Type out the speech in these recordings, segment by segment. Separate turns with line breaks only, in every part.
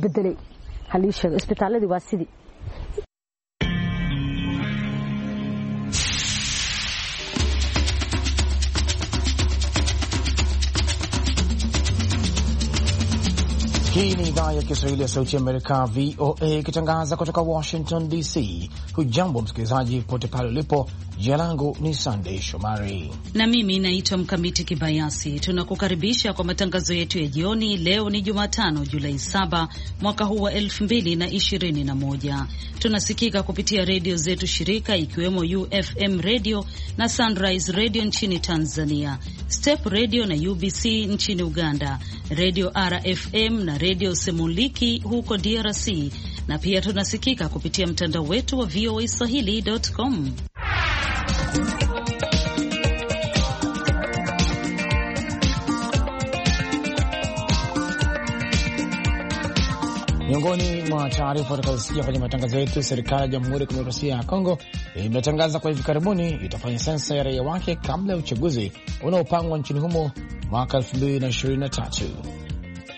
bedelay hal sheego waa sidii
Hii ni idhaa ya Kiswahili ya Sauti ya Amerika, VOA, ikitangaza kutoka Washington DC. Hujambo msikilizaji popote pale ulipo. Jina langu ni Sandey Shomari
na mimi naitwa Mkamiti Kibayasi. Tunakukaribisha kwa matangazo yetu ya jioni. Leo ni Jumatano, Julai 7 mwaka huu wa 2021. Tunasikika kupitia redio zetu shirika ikiwemo UFM redio na Sunrise redio nchini Tanzania, Step redio na UBC nchini Uganda, redio RFM na redio Semuliki huko DRC, na pia tunasikika kupitia mtandao wetu wa VOA swahili.com.
Miongoni mwa taarifa utakazosikia kwenye matangazo yetu, serikali ya Jamhuri ya Kidemokrasia ya Kongo imetangaza kwa hivi karibuni itafanya sensa ya raia wake kabla ya uchaguzi unaopangwa nchini humo mwaka 2023.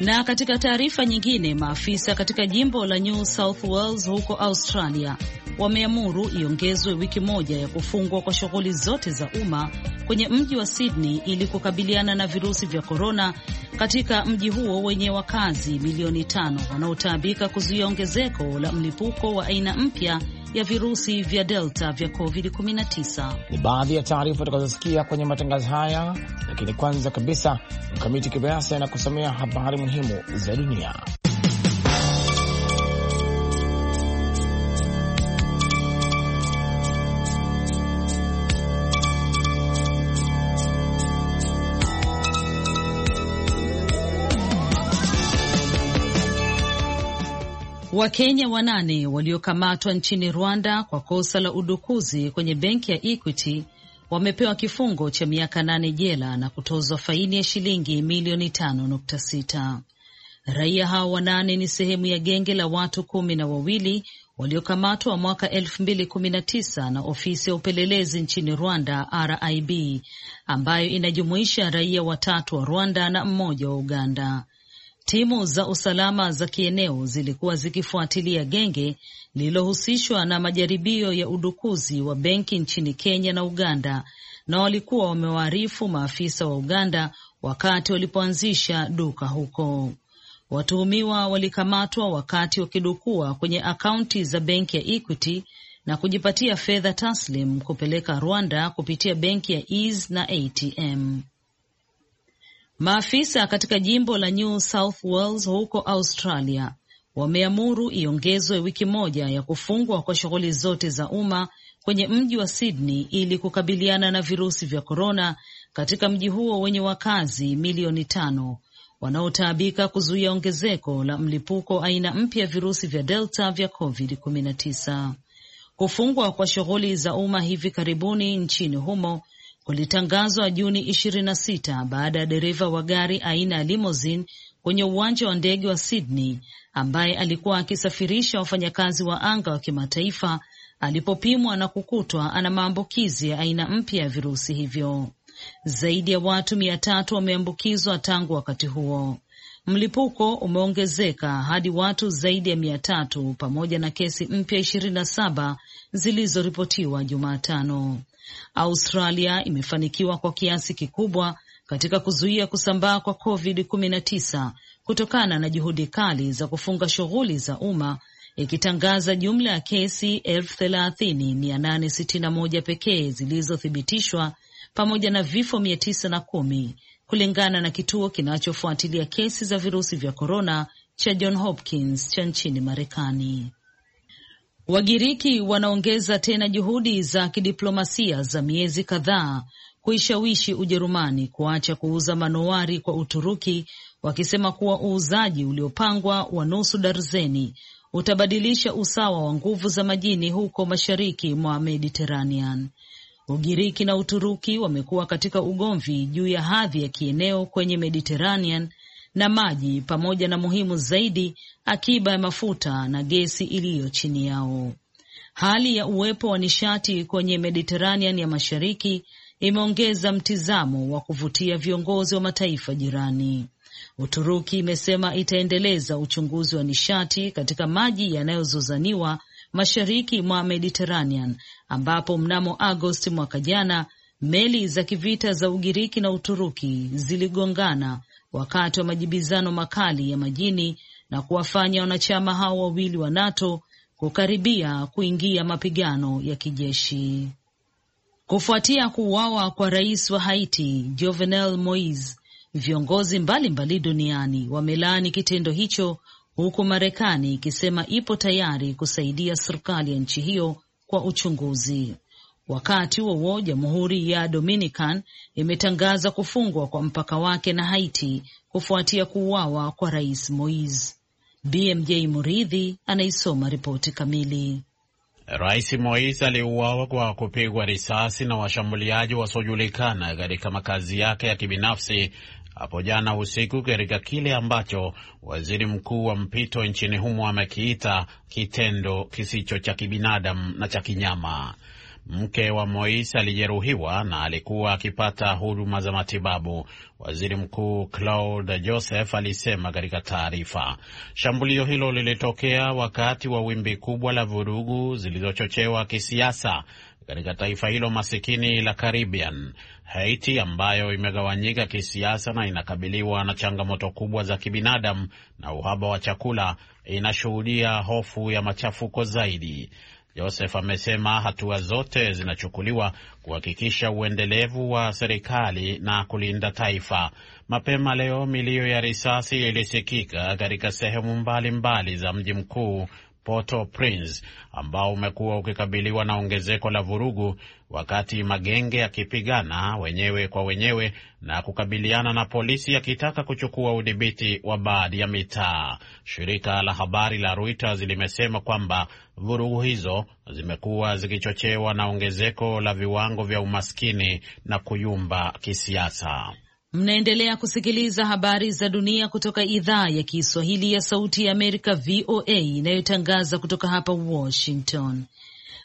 Na katika taarifa nyingine, maafisa katika jimbo la New South Wales huko Australia wameamuru iongezwe wiki moja ya kufungwa kwa shughuli zote za umma kwenye mji wa Sydney ili kukabiliana na virusi vya korona katika mji huo wenye wakazi milioni tano wanaotaabika kuzuia ongezeko la mlipuko wa aina mpya ya virusi vya delta vya COVID-19.
Ni baadhi ya taarifa utakazosikia kwenye matangazo haya, lakini kwanza kabisa Mkamiti Kibayasi anakusomea habari muhimu za dunia.
Wakenya wanane waliokamatwa nchini Rwanda kwa kosa la udukuzi kwenye benki ya Equity wamepewa kifungo cha miaka nane jela na kutozwa faini ya shilingi milioni tano nukta sita. Raia hao wanane ni sehemu ya genge la watu kumi na wawili waliokamatwa mwaka elfu mbili kumi na tisa na ofisi ya upelelezi nchini Rwanda RIB ambayo inajumuisha raia watatu wa Rwanda na mmoja wa Uganda. Timu za usalama za kieneo zilikuwa zikifuatilia genge lililohusishwa na majaribio ya udukuzi wa benki nchini Kenya na Uganda, na walikuwa wamewaarifu maafisa wa Uganda wakati walipoanzisha duka huko. Watuhumiwa walikamatwa wakati wakidukua kwenye akaunti za benki ya Equity na kujipatia fedha taslim kupeleka Rwanda kupitia benki ya es na ATM. Maafisa katika jimbo la New South Wales huko Australia wameamuru iongezwe wiki moja ya kufungwa kwa shughuli zote za umma kwenye mji wa Sydney ili kukabiliana na virusi vya korona katika mji huo wenye wakazi milioni tano wanaotaabika kuzuia ongezeko la mlipuko aina mpya ya virusi vya Delta vya COVID-19. Kufungwa kwa shughuli za umma hivi karibuni nchini humo ulitangazwa Juni 26 baada ya dereva wa gari aina ya limousine kwenye uwanja wa ndege wa Sydney ambaye alikuwa akisafirisha wafanyakazi wa anga wa kimataifa alipopimwa na kukutwa ana maambukizi ya aina mpya ya virusi hivyo. Zaidi ya watu mia tatu wameambukizwa tangu wakati huo. Mlipuko umeongezeka hadi watu zaidi ya mia tatu pamoja na kesi mpya ishirini na saba zilizoripotiwa Jumatano. Australia imefanikiwa kwa kiasi kikubwa katika kuzuia kusambaa kwa COVID-19 kutokana na juhudi kali za kufunga shughuli za umma ikitangaza jumla ya kesi 30,861 pekee zilizothibitishwa pamoja na vifo 910 kulingana na kituo kinachofuatilia kesi za virusi vya korona cha John Hopkins cha nchini Marekani. Wagiriki wanaongeza tena juhudi za kidiplomasia za miezi kadhaa kuishawishi Ujerumani kuacha kuuza manowari kwa Uturuki, wakisema kuwa uuzaji uliopangwa wa nusu darzeni utabadilisha usawa wa nguvu za majini huko mashariki mwa Mediteranean. Ugiriki na Uturuki wamekuwa katika ugomvi juu ya hadhi ya kieneo kwenye Mediteranean na maji pamoja na muhimu zaidi, akiba ya mafuta na gesi iliyo chini yao. Hali ya uwepo wa nishati kwenye Mediteranean ya Mashariki imeongeza mtizamo wa kuvutia viongozi wa mataifa jirani. Uturuki imesema itaendeleza uchunguzi wa nishati katika maji yanayozozaniwa mashariki mwa Mediteranean, ambapo mnamo Agosti mwaka jana meli za kivita za Ugiriki na Uturuki ziligongana wakati wa majibizano makali ya majini na kuwafanya wanachama hao wawili wa NATO kukaribia kuingia mapigano ya kijeshi. Kufuatia kuuawa kwa rais wa Haiti Jovenel Moise, viongozi mbalimbali mbali duniani wamelaani kitendo hicho, huku Marekani ikisema ipo tayari kusaidia serikali ya nchi hiyo kwa uchunguzi. Wakati huo huo, jamhuri ya Dominican imetangaza kufungwa kwa mpaka wake na Haiti kufuatia kuuawa kwa rais Moise. BMJ Muridhi anaisoma ripoti kamili.
Rais Moise aliuawa kwa kupigwa risasi na washambuliaji wasiojulikana katika makazi yake ya kibinafsi hapo jana usiku katika kile ambacho waziri mkuu wa mpito nchini humo amekiita kitendo kisicho cha kibinadamu na cha kinyama. Mke wa mois alijeruhiwa na alikuwa akipata huduma za matibabu, waziri mkuu Claude Joseph alisema katika taarifa. Shambulio hilo lilitokea wakati wa wimbi kubwa la vurugu zilizochochewa kisiasa katika taifa hilo masikini la Caribbean. Haiti ambayo imegawanyika kisiasa na inakabiliwa na changamoto kubwa za kibinadamu na uhaba wa chakula inashuhudia hofu ya machafuko zaidi. Joseph amesema hatua zote zinachukuliwa kuhakikisha uendelevu wa serikali na kulinda taifa. Mapema leo milio ya risasi ilisikika katika sehemu mbalimbali mbali za mji mkuu Port-au-Prince ambao umekuwa ukikabiliwa na ongezeko la vurugu wakati magenge yakipigana wenyewe kwa wenyewe na kukabiliana na polisi yakitaka kuchukua udhibiti wa baadhi ya mitaa. Shirika la habari la Reuters limesema kwamba vurugu hizo zimekuwa zikichochewa na ongezeko la viwango vya umaskini na kuyumba kisiasa.
Mnaendelea kusikiliza habari za dunia kutoka idhaa ya Kiswahili ya Sauti ya Amerika, VOA, inayotangaza kutoka hapa Washington.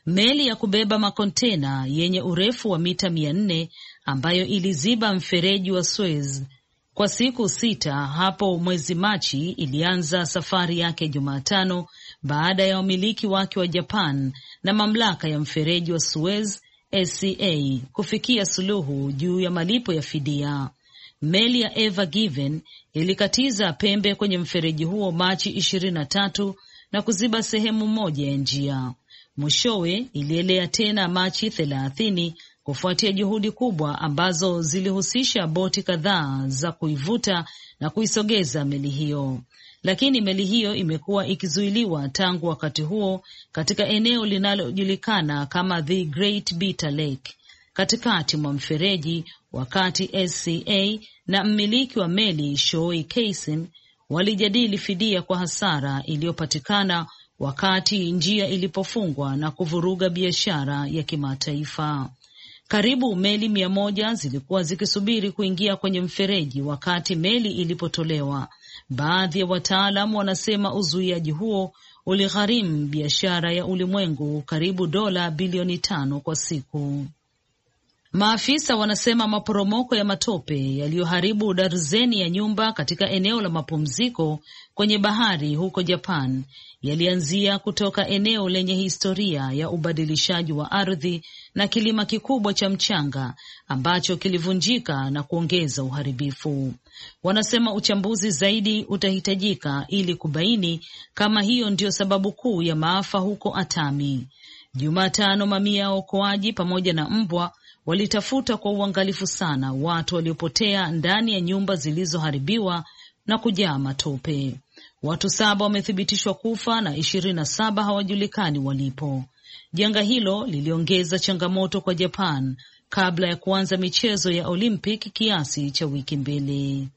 Meli ya kubeba makontena yenye urefu wa mita mia nne ambayo iliziba mfereji wa Suez kwa siku sita hapo mwezi Machi ilianza safari yake Jumatano baada ya wamiliki wake wa Japan na mamlaka ya mfereji wa Suez SCA kufikia suluhu juu ya malipo ya fidia. Meli ya Ever Given ilikatiza pembe kwenye mfereji huo Machi ishirini na tatu na kuziba sehemu moja ya njia. Mwishowe ilielea tena Machi thelathini kufuatia juhudi kubwa ambazo zilihusisha boti kadhaa za kuivuta na kuisogeza meli hiyo, lakini meli hiyo imekuwa ikizuiliwa tangu wakati huo katika eneo linalojulikana kama the Great Bitter Lake katikati mwa mfereji, wakati SCA na mmiliki wa meli Shoi Keisin walijadili fidia kwa hasara iliyopatikana wakati njia ilipofungwa na kuvuruga biashara ya kimataifa. Karibu meli mia moja zilikuwa zikisubiri kuingia kwenye mfereji wakati meli ilipotolewa. Baadhi ya wataalam wanasema uzuiaji huo uligharimu biashara ya ulimwengu karibu dola bilioni tano kwa siku. Maafisa wanasema maporomoko ya matope yaliyoharibu darzeni ya nyumba katika eneo la mapumziko kwenye bahari huko Japan yalianzia kutoka eneo lenye historia ya ubadilishaji wa ardhi na kilima kikubwa cha mchanga ambacho kilivunjika na kuongeza uharibifu. Wanasema uchambuzi zaidi utahitajika ili kubaini kama hiyo ndiyo sababu kuu ya maafa huko Atami. Jumatano, mamia ya okoaji pamoja na mbwa walitafuta kwa uangalifu sana watu waliopotea ndani ya nyumba zilizoharibiwa na kujaa matope. Watu saba wamethibitishwa kufa na ishirini na saba hawajulikani walipo. Janga hilo liliongeza changamoto kwa Japan kabla ya kuanza michezo ya Olympic kiasi cha wiki mbili.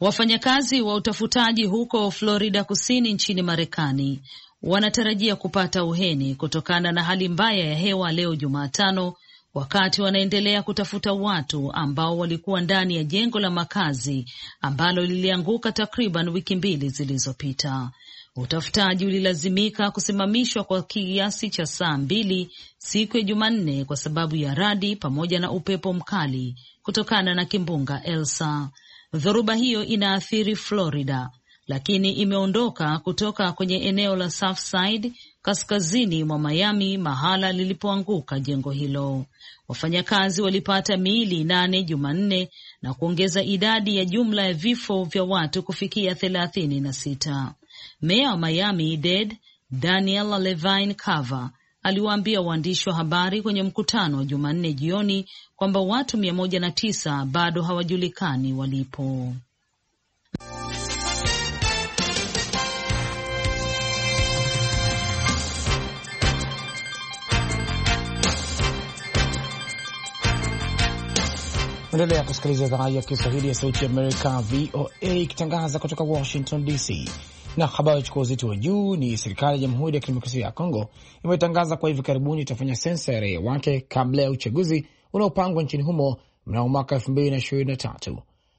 Wafanyakazi wa utafutaji huko Florida Kusini nchini Marekani wanatarajia kupata uheni kutokana na hali mbaya ya hewa leo Jumatano wakati wanaendelea kutafuta watu ambao walikuwa ndani ya jengo la makazi ambalo lilianguka takriban wiki mbili zilizopita. Utafutaji ulilazimika kusimamishwa kwa kiasi cha saa mbili siku ya Jumanne kwa sababu ya radi pamoja na upepo mkali kutokana na kimbunga Elsa. Dhoruba hiyo inaathiri Florida, lakini imeondoka kutoka kwenye eneo la Surfside kaskazini mwa Miami, mahala lilipoanguka jengo hilo. Wafanyakazi walipata miili nane Jumanne na kuongeza idadi ya jumla ya vifo vya watu kufikia thelathini na sita. Meya wa Miami Dade daniel Levine Cava aliwaambia waandishi wa habari kwenye mkutano wa Jumanne jioni kwamba watu mia moja na tisa bado hawajulikani walipo.
Endelea kusikiliza idhaa ya Kiswahili ya Sauti ya Amerika, VOA, ikitangaza kutoka Washington DC. Na habari chukua uzito wa juu ni serikali ya Jamhuri ya Kidemokrasia ya Kongo imetangaza kwa hivi karibuni itafanya sensa ya raia wake kabla ya uchaguzi unaopangwa nchini humo mnamo mwaka elfu mbili na ishirini na tatu.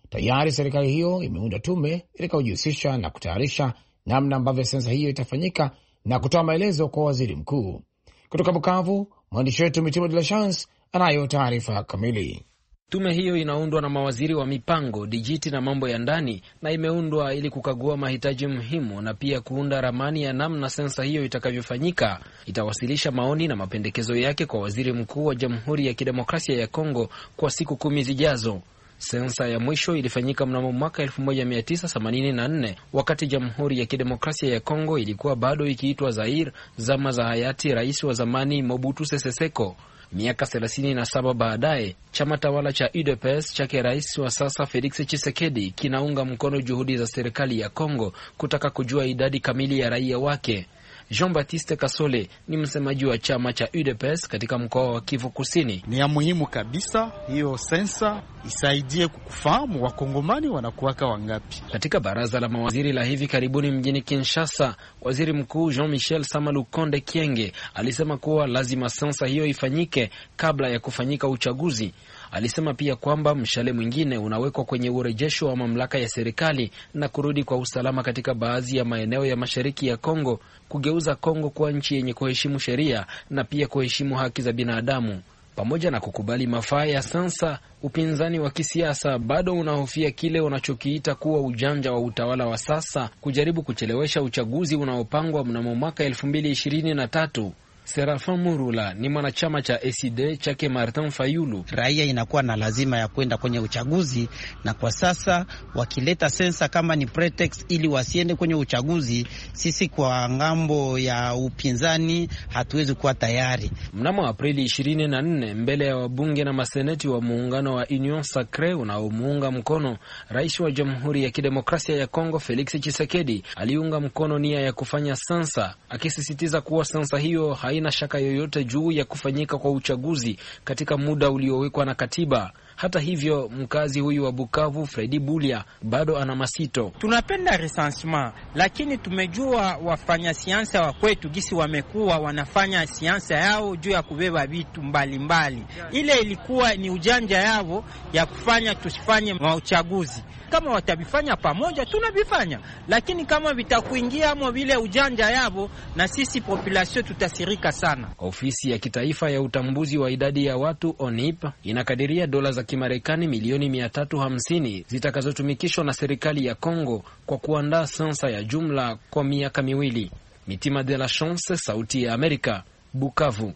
Tayari serikali hiyo imeunda tume itakayojihusisha na kutayarisha namna ambavyo sensa hiyo itafanyika na kutoa maelezo kwa waziri mkuu. Kutoka Bukavu, mwandishi wetu Mitima De La Chance anayo taarifa kamili.
Tume hiyo inaundwa na mawaziri wa mipango, dijiti na mambo ya ndani na imeundwa ili kukagua mahitaji muhimu na pia kuunda ramani ya namna sensa hiyo itakavyofanyika. Itawasilisha maoni na mapendekezo yake kwa waziri mkuu wa Jamhuri ya Kidemokrasia ya Kongo kwa siku kumi zijazo. Sensa ya mwisho ilifanyika mnamo mwaka 1984 wakati Jamhuri ya Kidemokrasia ya Kongo ilikuwa bado ikiitwa Zair, zama za hayati rais wa zamani Mobutu Sese Seko. Miaka 37 baadaye, chama tawala cha UDPS chake rais wa sasa Felix Tshisekedi kinaunga mkono juhudi za serikali ya Kongo kutaka kujua idadi kamili ya raia wake. Jean-Baptiste Kasole ni msemaji wa chama cha UDPS katika mkoa wa Kivu Kusini. Ni ya muhimu kabisa hiyo sensa isaidie kufahamu wakongomani wanakuwaka wangapi. Katika baraza la mawaziri la hivi karibuni mjini Kinshasa, waziri mkuu Jean Michel Sama Lukonde Kienge alisema kuwa lazima sensa hiyo ifanyike kabla ya kufanyika uchaguzi. Alisema pia kwamba mshale mwingine unawekwa kwenye urejesho wa mamlaka ya serikali na kurudi kwa usalama katika baadhi ya maeneo ya mashariki ya Kongo, kugeuza Kongo kuwa nchi yenye kuheshimu sheria na pia kuheshimu haki za binadamu. Pamoja na kukubali mafaa ya sensa, upinzani wa kisiasa bado unahofia kile unachokiita kuwa ujanja wa utawala wa sasa kujaribu kuchelewesha uchaguzi unaopangwa mnamo mwaka elfu mbili ishirini na tatu. Serafin Murula ni mwanachama cha ECD chake Martin Fayulu. Raia inakuwa na lazima ya kwenda kwenye uchaguzi,
na kwa sasa wakileta sensa kama ni pretext ili wasiende kwenye uchaguzi,
sisi kwa ngambo ya upinzani hatuwezi kuwa tayari. Mnamo Aprili 24 mbele ya wabunge na maseneti wa muungano wa Union Sacre unaomuunga mkono rais wa Jamhuri ya Kidemokrasia ya Kongo Felix chisekedi aliunga mkono nia ya kufanya sensa, akisisitiza kuwa sensa hiyo hai haina shaka yoyote juu ya kufanyika kwa uchaguzi katika muda uliowekwa na katiba. Hata hivyo, mkazi huyu wa Bukavu Fredi Bulia bado ana masito. Tunapenda recensement, lakini tumejua
wafanya siansa wa kwetu gisi wamekuwa wanafanya siansa yao juu ya kubeba vitu mbalimbali. Ile ilikuwa ni ujanja yavo ya kufanya tusifanye mauchaguzi. Kama watavifanya pamoja, tunavifanya, lakini kama vitakuingia ama vile ujanja yavo na sisi populasio tutasirika sana.
Ofisi ya kitaifa ya utambuzi wa idadi ya watu ONIP inakadiria dola za Kimarekani milioni 350 zitakazotumikishwa na serikali ya Kongo kwa kuandaa sensa ya jumla kwa miaka miwili. Mitima de la Chance, Sauti ya Amerika, Bukavu.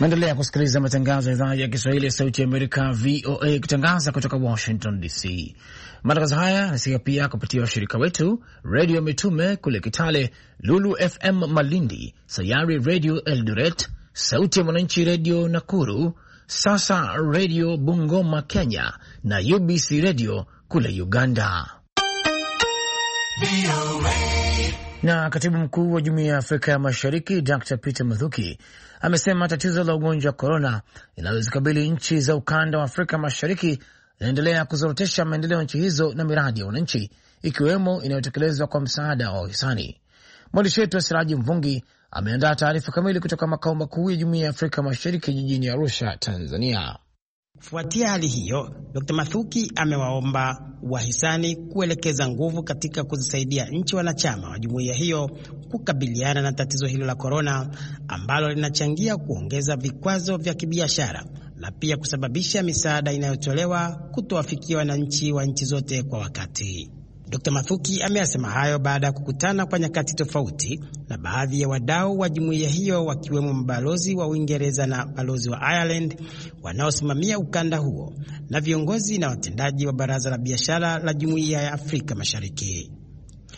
Naendelea kusikiliza matangazo ya idhaa ya Kiswahili ya Sauti ya Amerika, VOA, ikitangaza kutoka Washington DC. Matangazo haya yanasikika pia kupitia washirika wetu Redio Mitume kule Kitale, Lulu FM Malindi, Sayari Redio Eldoret, Sauti ya Mwananchi Redio Nakuru, Sasa Redio Bungoma Kenya na UBC Redio kule Uganda. Na katibu mkuu wa Jumuiya ya Afrika ya Mashariki Dr Peter Mudhuki amesema tatizo la ugonjwa wa korona linalozikabili nchi za ukanda wa Afrika Mashariki inaendelea kuzorotesha maendeleo ya nchi hizo na miradi ya wananchi, ikiwemo inayotekelezwa kwa msaada wa wahisani. Mwandishi wetu wa Siraji Mvungi ameandaa taarifa kamili kutoka makao makuu ya Jumuiya ya Afrika Mashariki jijini Arusha, Tanzania.
Kufuatia hali hiyo, Dr. Mathuki amewaomba wahisani kuelekeza nguvu katika kuzisaidia nchi wanachama wa jumuiya hiyo kukabiliana na tatizo hilo la korona ambalo linachangia kuongeza vikwazo vya kibiashara na pia kusababisha misaada inayotolewa kutowafikia wananchi wa nchi zote kwa wakati. Dr. Mathuki ameyasema hayo baada ya kukutana kwa nyakati tofauti na baadhi ya wadau wa jumuiya hiyo wakiwemo mabalozi wa Uingereza na balozi wa Ireland wanaosimamia ukanda huo na viongozi na watendaji wa Baraza la Biashara la Jumuiya ya Afrika Mashariki.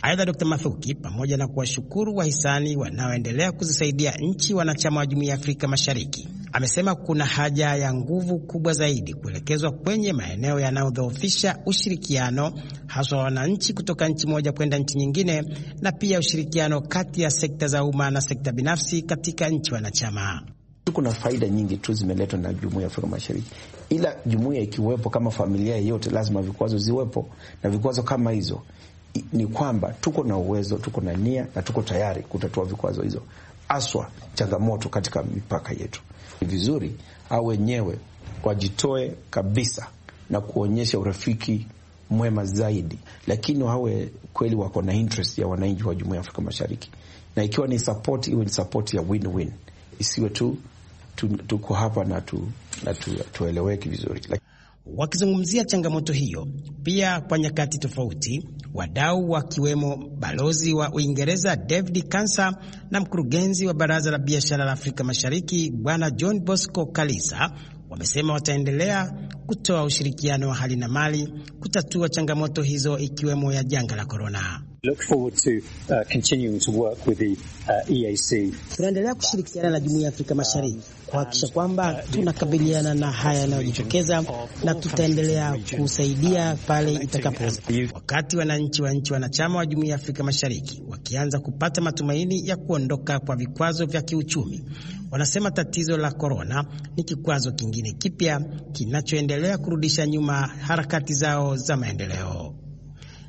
Aidha, Dr. Mathuki pamoja na kuwashukuru wahisani wanaoendelea kuzisaidia nchi wanachama wa Jumuiya ya Afrika Mashariki amesema kuna haja ya nguvu kubwa zaidi kuelekezwa kwenye maeneo yanayodhoofisha ushirikiano, haswa wananchi kutoka nchi moja kwenda nchi nyingine, na pia ushirikiano kati ya sekta za umma na sekta binafsi katika nchi wanachama.
Kuna faida nyingi tu zimeletwa na jumuiya ya Afrika Mashariki, ila jumuiya ikiwepo kama familia yeyote, lazima vikwazo ziwepo, na vikwazo kama hizo ni kwamba tuko na uwezo, tuko na nia na tuko tayari kutatua vikwazo hizo haswa changamoto katika mipaka yetu. Ni vizuri au wenyewe wajitoe kabisa na kuonyesha urafiki mwema zaidi, lakini wawe kweli wako na interest ya wananchi wa jumuiya ya Afrika Mashariki, na ikiwa ni support, iwe ni support ya win-win, isiwe tu tuko hapa na tueleweki vizuri.
Wakizungumzia changamoto hiyo pia kwa nyakati tofauti, wadau wakiwemo balozi wa Uingereza David Kansa na mkurugenzi wa baraza la biashara la Afrika Mashariki Bwana John Bosco Kalisa wamesema wataendelea kutoa ushirikiano wa hali na mali kutatua changamoto hizo ikiwemo ya janga la korona. Uh, uh, e Tunaendelea uh, uh, kushirikiana na Jumuiya ya Afrika Mashariki kuhakikisha kwamba tunakabiliana na haya yanayojitokeza na tutaendelea kusaidia pale itakapowezekana. Wakati wananchi wa nchi wanachama wa Jumuiya ya Afrika Mashariki wakianza kupata matumaini ya kuondoka kwa vikwazo vya kiuchumi, wanasema tatizo la korona ni kikwazo kingine kipya kinachoendelea kurudisha nyuma harakati zao za maendeleo.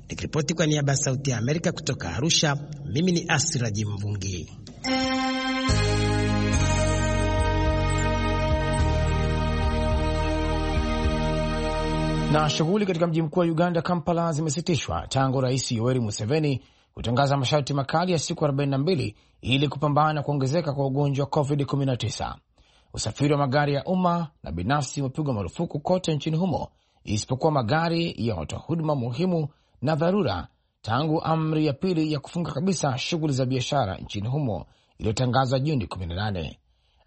Nikiripoti kwa niaba ya Sauti ya Amerika kutoka Arusha, mimi ni Asira mvungi
Na shughuli katika mji mkuu wa Uganda, Kampala, zimesitishwa tangu Rais Yoweri Museveni kutangaza masharti makali ya siku 42 ili kupambana na kuongezeka kwa ugonjwa wa COVID-19. Usafiri wa magari ya umma na binafsi umepigwa marufuku kote nchini humo isipokuwa magari ya watoa huduma muhimu na dharura, tangu amri ya pili ya kufunga kabisa shughuli za biashara nchini humo iliyotangazwa
Juni 18.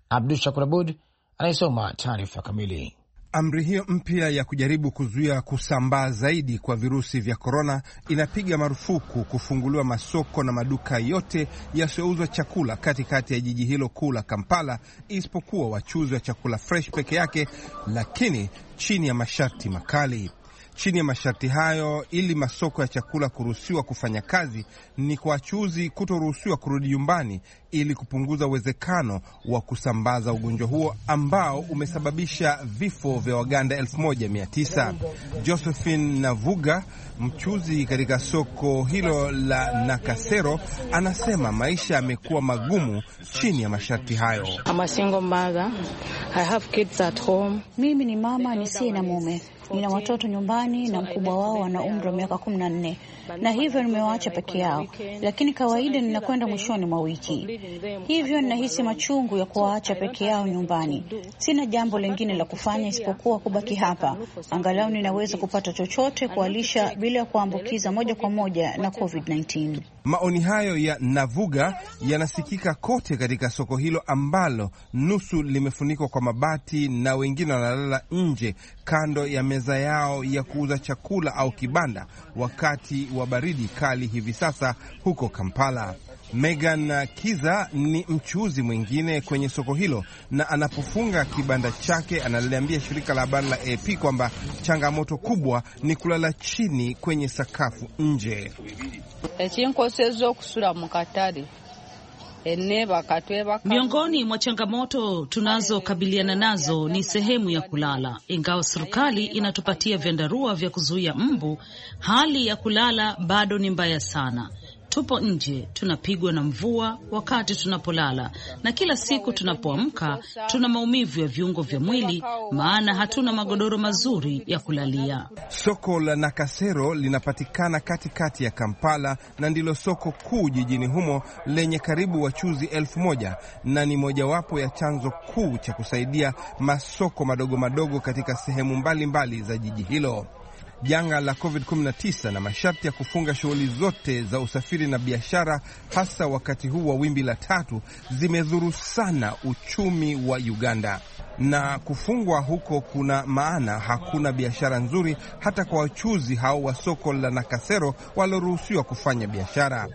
Abdu Shakur Abud anayesoma taarifa kamili. Amri hiyo mpya ya kujaribu kuzuia kusambaa zaidi kwa virusi vya korona inapiga marufuku kufunguliwa masoko na maduka yote yasiyouzwa chakula katikati ya jiji hilo kuu la Kampala, isipokuwa wachuzi wa chakula fresh peke yake, lakini chini ya masharti makali. Chini ya masharti hayo, ili masoko ya chakula kuruhusiwa kufanya kazi, ni kwa wachuuzi kutoruhusiwa kurudi nyumbani ili kupunguza uwezekano wa kusambaza ugonjwa huo ambao umesababisha vifo vya Waganda 1900. Josephine Navuga, mchuzi katika soko hilo la Nakasero, anasema maisha yamekuwa magumu chini ya masharti hayo.
Mimi ni mama nisiye na mume Nina watoto nyumbani na mkubwa wao ana umri wa miaka kumi na nne na hivyo nimewaacha peke yao, lakini kawaida ninakwenda mwishoni mwa wiki. Hivyo ninahisi machungu ya kuwaacha peke yao nyumbani. Sina jambo lingine la kufanya isipokuwa kubaki hapa, angalau ninaweza kupata chochote kuwalisha bila ya kuambukiza moja kwa moja na COVID-19.
Maoni hayo ya Navuga yanasikika kote katika soko hilo ambalo nusu limefunikwa kwa mabati na wengine wanalala nje kando ya meza yao ya kuuza chakula au kibanda wakati wa baridi kali hivi sasa huko Kampala. Megan Kiza ni mchuuzi mwingine kwenye soko hilo, na anapofunga kibanda chake analiambia shirika la habari la AP kwamba changamoto kubwa ni kulala chini kwenye sakafu nje.
Miongoni mwa changamoto tunazokabiliana nazo ni sehemu ya kulala. Ingawa serikali inatupatia vyandarua vya kuzuia mbu, hali ya kulala bado ni mbaya sana tupo nje, tunapigwa na mvua wakati tunapolala, na kila siku tunapoamka tuna maumivu ya viungo vya mwili, maana hatuna magodoro mazuri ya kulalia.
Soko la Nakasero linapatikana katikati ya Kampala na ndilo soko kuu jijini humo lenye karibu wachuzi elfu moja na ni mojawapo ya chanzo kuu cha kusaidia masoko madogo madogo katika sehemu mbalimbali mbali za jiji hilo janga la COVID-19 na masharti ya kufunga shughuli zote za usafiri na biashara, hasa wakati huu wa wimbi la tatu, zimedhuru sana uchumi wa Uganda na kufungwa huko kuna maana hakuna biashara nzuri hata kwa wachuzi hao wa soko la Nakasero walioruhusiwa kufanya biashara.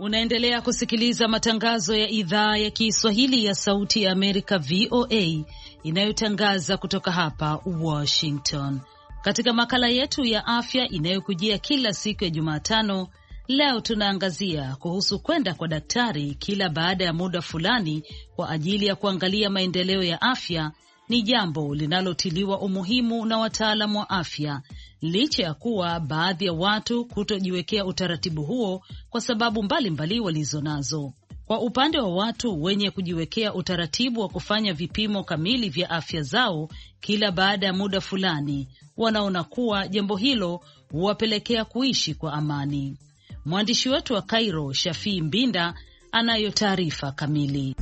Unaendelea kusikiliza matangazo ya idhaa ya Kiswahili ya Sauti ya Amerika, VOA, inayotangaza kutoka hapa Washington. Katika makala yetu ya afya inayokujia kila siku ya Jumatano, leo tunaangazia kuhusu kwenda kwa daktari kila baada ya muda fulani kwa ajili ya kuangalia maendeleo ya afya ni jambo linalotiliwa umuhimu na wataalam wa afya, licha ya kuwa baadhi ya watu kutojiwekea utaratibu huo kwa sababu mbalimbali walizo nazo. Kwa upande wa watu wenye kujiwekea utaratibu wa kufanya vipimo kamili vya afya zao kila baada ya muda fulani, wanaona kuwa jambo hilo huwapelekea kuishi kwa amani. Mwandishi wetu wa Cairo, Shafii Mbinda, anayo taarifa kamili.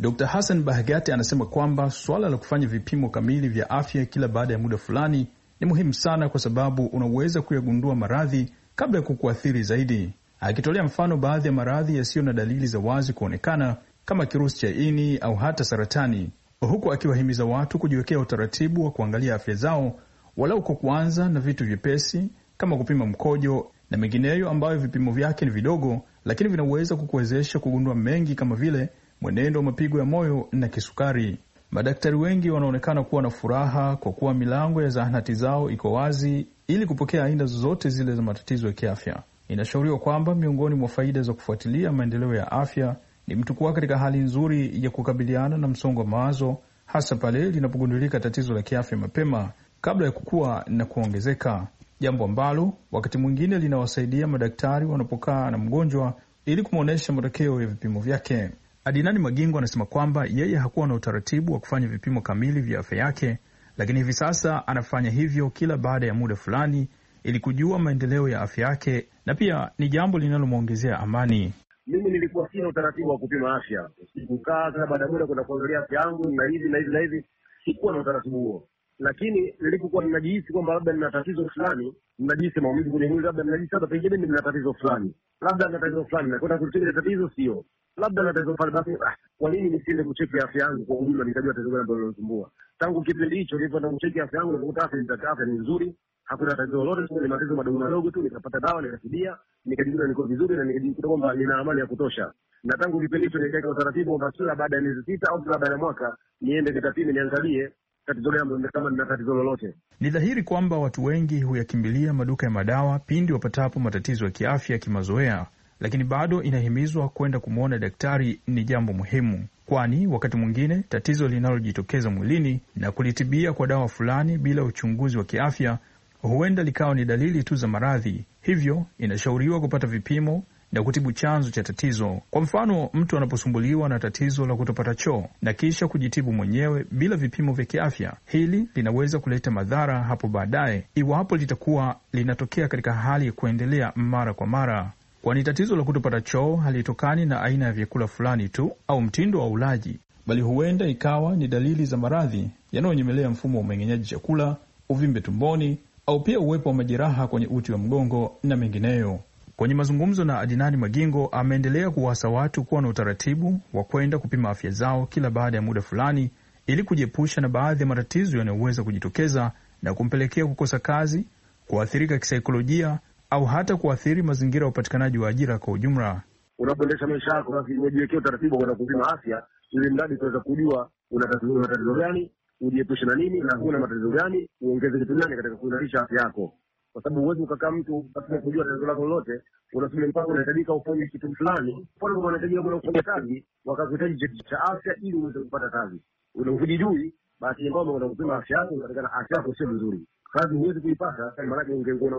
Dr. Eh, Hassan Bahgati anasema kwamba suala la kufanya vipimo kamili vya afya kila baada ya muda fulani ni muhimu sana, kwa sababu unaweza kuyagundua maradhi kabla ya kukuathiri zaidi, akitolea mfano baadhi ya maradhi yasiyo na dalili za wazi kuonekana kama kirusi cha ini au hata saratani, huku akiwahimiza watu kujiwekea utaratibu wa kuangalia afya zao walau kwa kuanza na vitu vyepesi kama kupima mkojo na mengineyo ambayo vipimo vyake ni vidogo, lakini vinaweza kukuwezesha kugundua mengi kama vile mwenendo wa mapigo ya moyo na kisukari. Madaktari wengi wanaonekana kuwa na furaha kwa kuwa milango ya zahanati zao iko wazi ili kupokea aina zozote zile za matatizo ya kiafya. Inashauriwa kwamba miongoni mwa faida za kufuatilia maendeleo ya afya ni mtu kuwa katika hali nzuri ya kukabiliana na msongo wa mawazo, hasa pale linapogundulika tatizo la kiafya mapema kabla ya kukua na kuongezeka, jambo ambalo wakati mwingine linawasaidia madaktari wanapokaa na mgonjwa ili kumwonyesha matokeo ya vipimo vyake. Adinani Magingo anasema kwamba yeye hakuwa na utaratibu wa kufanya vipimo kamili vya afya yake, lakini hivi sasa anafanya hivyo kila baada ya muda fulani ili kujua maendeleo ya afya yake, na pia ni jambo linalomwongezea amani.
Mimi nilikuwa sina utaratibu wa kupima afya, sikukaa kila baada ya muda kwenda kuangalia afya yangu na hivi na hivi na hivi, sikuwa na utaratibu huo lakini nilipokuwa ninajihisi kwamba labda nina tatizo fulani, ninajihisi maumivu kwenye mwili, labda ninajihisi hata pengine mimi nina tatizo fulani, labda nina tatizo fulani, nakwenda kucheki tatizo sio, labda nina tatizo fulani, basi ah, kwa nini nisiende kucheki afya yangu kwa ujumla, nikajua tatizo gani ambalo linanisumbua. Tangu kipindi hicho nilipoenda kucheki afya yangu, nakuta afya afya ni nzuri, hakuna tatizo lolote, tu ni matatizo madogo madogo tu, nikapata dawa, nikatibia, nikajikuta niko vizuri na nikajikuta kwamba nina amani ya kutosha na tangu kipindi hicho nikaweka utaratibu kwamba kila baada ya miezi sita au kila baada ya mwaka niende nikapime niangalie tatizo gani, kama nina tatizo lolote.
Ni dhahiri kwamba watu wengi huyakimbilia maduka ya madawa pindi wapatapo matatizo ya kiafya kimazoea, lakini bado inahimizwa kwenda kumwona daktari ni jambo muhimu, kwani wakati mwingine tatizo linalojitokeza mwilini na kulitibia kwa dawa fulani bila uchunguzi wa kiafya huenda likawa ni dalili tu za maradhi. Hivyo inashauriwa kupata vipimo na kutibu chanzo cha tatizo. Kwa mfano, mtu anaposumbuliwa na tatizo la kutopata choo na kisha kujitibu mwenyewe bila vipimo vya kiafya, hili linaweza kuleta madhara hapo baadaye, iwapo litakuwa linatokea katika hali ya kuendelea mara kwa mara kwani tatizo la kutopata choo halitokani na aina ya vyakula fulani tu au mtindo wa ulaji, bali huenda ikawa ni dalili za maradhi yanayonyemelea mfumo wa umeng'enyaji chakula, uvimbe tumboni, au pia uwepo wa majeraha kwenye uti wa mgongo na mengineyo kwenye mazungumzo na Adinani Magingo ameendelea kuwasa watu kuwa na utaratibu wa kwenda kupima afya zao kila baada ya muda fulani ili kujiepusha na baadhi ya matatizo yanayoweza kujitokeza na kumpelekea kukosa kazi, kuathirika kisaikolojia au hata kuathiri mazingira ya upatikanaji wa ajira kwa ujumla.
Unapoendesha maisha yako, basi umejiwekea utaratibu kwenda kupima afya, ili mradi utaweza kujua una tatizo gani, ujiepushe na nini, na huna matatizo gani, uongeze kitu gani katika kuimarisha afya yako kwa sababu huwezi ukakaa mtu pasipo kujua tatizo lako lolote, unasubiri mpaka unahitajika ufanye kitu fulani, pale unahitajika kwenda kufanya kazi, wakakuhitaji cheti cha afya ili uweze kupata kazi, Ukijijui basi ambao unakwenda kupima afya yako, unaonekana afya yako sio vizuri, kazi huwezi kuipata, maanake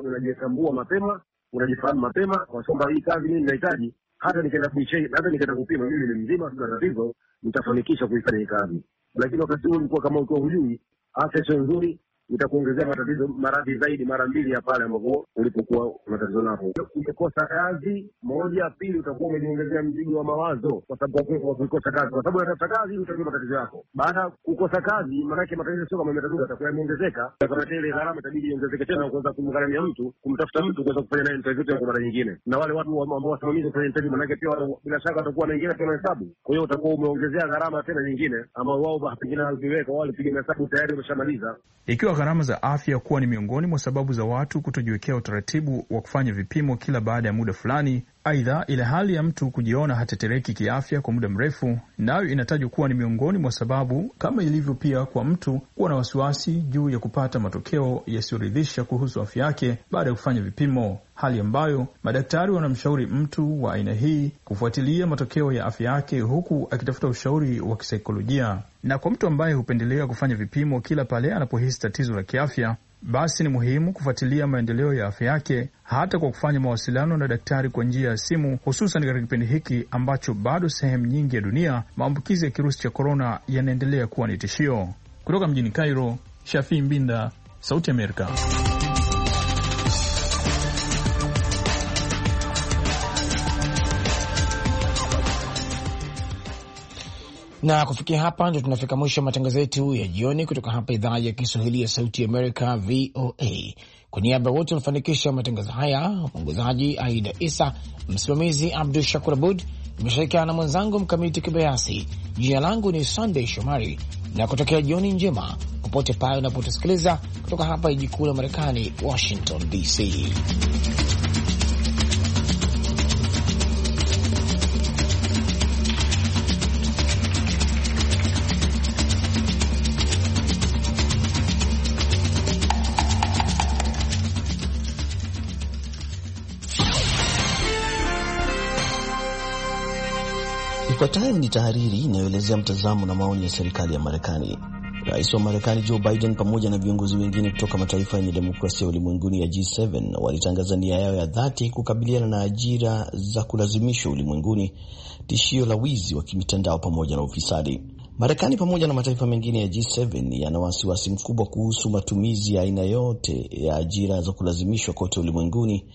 unajitambua mapema, unajifahamu mapema, kwa sababu hii kazi mimi ninahitaji hata nikienda kuichei hata nikienda kupima mimi ni mzima, sina tatizo, nitafanikisha kuifanya hii kazi. Lakini wakati huo ulikuwa kama ukiwa hujui afya sio nzuri, itakuongezea matatizo maradhi zaidi mara mbili ya pale ambapo ulipokuwa matatizo napo. Ukikosa kazi moja, pili, utakuwa umejiongezea mzigo wa mawazo, kwa sababu kwa kazi, kwa sababu unatafuta kazi ili matatizo yako. Baada ya kukosa kazi, maanake matatizo sio kama imetatuka, yatakuwa yameongezeka. Kama ile gharama itabidi iongezeke tena, kuweza kumgharamia mtu, kumtafuta mtu kuweza kufanya naye interview tena kwa mara nyingine, na wale watu ambao wasimamizi kufanya interview, maanake pia bila shaka watakuwa wanaingia tena hesabu. Kwa hiyo utakuwa umeongezea gharama tena nyingine, ambao wao pengine hawakuiweka, wao walipiga hesabu tayari, wameshamaliza
ikiwa gharama za afya kuwa ni miongoni mwa sababu za watu kutojiwekea utaratibu wa kufanya vipimo kila baada ya muda fulani Aidha, ile hali ya mtu kujiona hatetereki kiafya kwa muda mrefu nayo inatajwa kuwa ni miongoni mwa sababu, kama ilivyo pia kwa mtu kuwa na wasiwasi juu ya kupata matokeo yasiyoridhisha kuhusu afya yake baada ya kufanya vipimo, hali ambayo madaktari wanamshauri mtu wa aina hii kufuatilia matokeo ya afya yake huku akitafuta ushauri wa kisaikolojia. Na kwa mtu ambaye hupendelea kufanya vipimo kila pale anapohisi tatizo la kiafya basi ni muhimu kufuatilia maendeleo ya afya yake hata kwa kufanya mawasiliano na daktari kwa njia ya simu, hususan katika kipindi hiki ambacho bado sehemu nyingi ya dunia maambukizi ya kirusi cha korona yanaendelea kuwa ni tishio. Kutoka mjini Cairo, Shafii Mbinda, Sauti Amerika.
Na kufikia hapa ndio tunafika mwisho wa matangazo yetu ya jioni kutoka hapa idhaa ya Kiswahili ya Sauti ya Amerika, VOA. Kwa niaba ya wote walifanikisha matangazo haya, mwongozaji Aida Isa, msimamizi Abdu Shakur Abud, imeshirikiana na mwenzangu Mkamiti Kibayasi. Jina langu ni Sandey Shomari na kutokea jioni njema popote pale unapotusikiliza kutoka hapa jiji kuu la Marekani, Washington DC.
Ifuatayo ni tahariri inayoelezea mtazamo na maoni ya serikali ya Marekani. Rais wa Marekani Joe Biden pamoja na viongozi wengine kutoka mataifa yenye demokrasia ulimwenguni ya G7 walitangaza nia yao ya dhati kukabiliana na ajira za kulazimishwa ulimwenguni, tishio la wizi wa kimitandao pamoja na ufisadi. Marekani pamoja na mataifa mengine ya G7 yana wasiwasi mkubwa kuhusu matumizi ya aina yote ya ajira za kulazimishwa kote ulimwenguni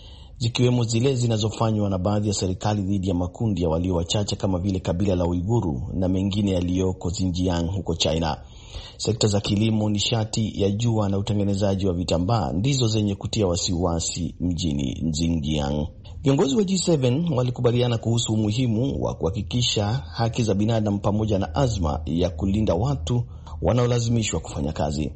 zikiwemo zile zinazofanywa na baadhi ya serikali dhidi ya makundi ya walio wachache kama vile kabila la Uiguru na mengine yaliyoko Xinjiang huko China. Sekta za kilimo, nishati ya jua na utengenezaji wa vitambaa ndizo zenye kutia wasiwasi mjini Xinjiang. Viongozi wa G7 walikubaliana kuhusu umuhimu wa kuhakikisha haki za binadamu pamoja na azma ya kulinda watu wanaolazimishwa kufanya kazi.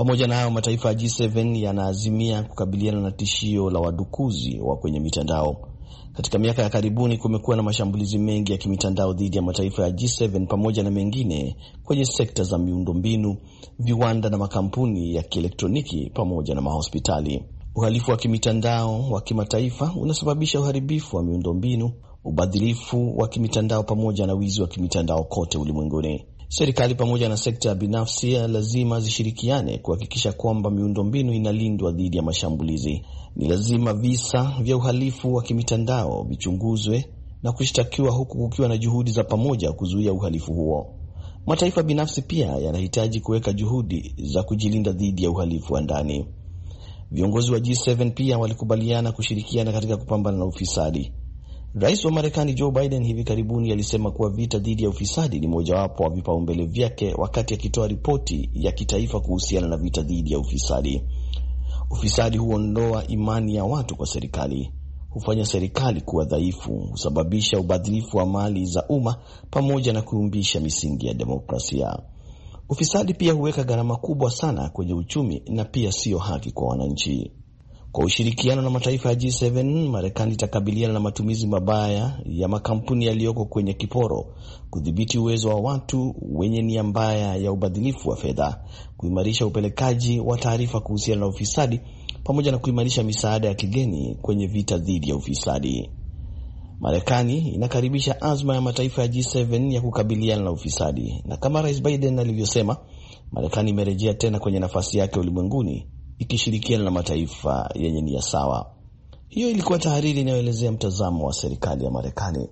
Pamoja na hayo, mataifa ya G7 yanaazimia kukabiliana na tishio la wadukuzi wa kwenye mitandao. Katika miaka ya karibuni kumekuwa na mashambulizi mengi ya kimitandao dhidi ya mataifa ya G7 pamoja na mengine kwenye sekta za miundombinu, viwanda na makampuni ya kielektroniki pamoja na mahospitali. Uhalifu wa kimitandao wa kimataifa unasababisha uharibifu wa miundombinu, ubadhilifu wa kimitandao pamoja na wizi wa kimitandao kote ulimwenguni. Serikali pamoja na sekta binafsi lazima zishirikiane kuhakikisha kwamba miundombinu inalindwa dhidi ya mashambulizi. Ni lazima visa vya uhalifu wa kimitandao vichunguzwe na kushtakiwa, huku kukiwa na juhudi za pamoja kuzuia uhalifu huo. Mataifa binafsi pia yanahitaji kuweka juhudi za kujilinda dhidi ya uhalifu wa ndani. Viongozi wa G7 pia walikubaliana kushirikiana katika kupambana na ufisadi. Rais wa Marekani Joe Biden hivi karibuni alisema kuwa vita dhidi ya ufisadi ni mojawapo wa vipaumbele vyake wakati akitoa ripoti ya kitaifa kuhusiana na vita dhidi ya ufisadi. Ufisadi huondoa imani ya watu kwa serikali, hufanya serikali kuwa dhaifu, husababisha ubadhilifu wa mali za umma pamoja na kuumbisha misingi ya demokrasia. Ufisadi pia huweka gharama kubwa sana kwenye uchumi na pia siyo haki kwa wananchi. Kwa ushirikiano na mataifa ya G7, Marekani itakabiliana na matumizi mabaya ya makampuni yaliyoko kwenye kiporo, kudhibiti uwezo wa watu wenye nia mbaya ya ubadhilifu wa fedha, kuimarisha upelekaji wa taarifa kuhusiana na ufisadi, pamoja na kuimarisha misaada ya kigeni kwenye vita dhidi ya ufisadi. Marekani inakaribisha azma ya mataifa ya G7 ya kukabiliana na ufisadi, na kama Rais Biden alivyosema, Marekani imerejea tena kwenye nafasi yake ulimwenguni ikishirikiana na mataifa yenye nia sawa. Hiyo ilikuwa tahariri inayoelezea mtazamo wa serikali ya Marekani.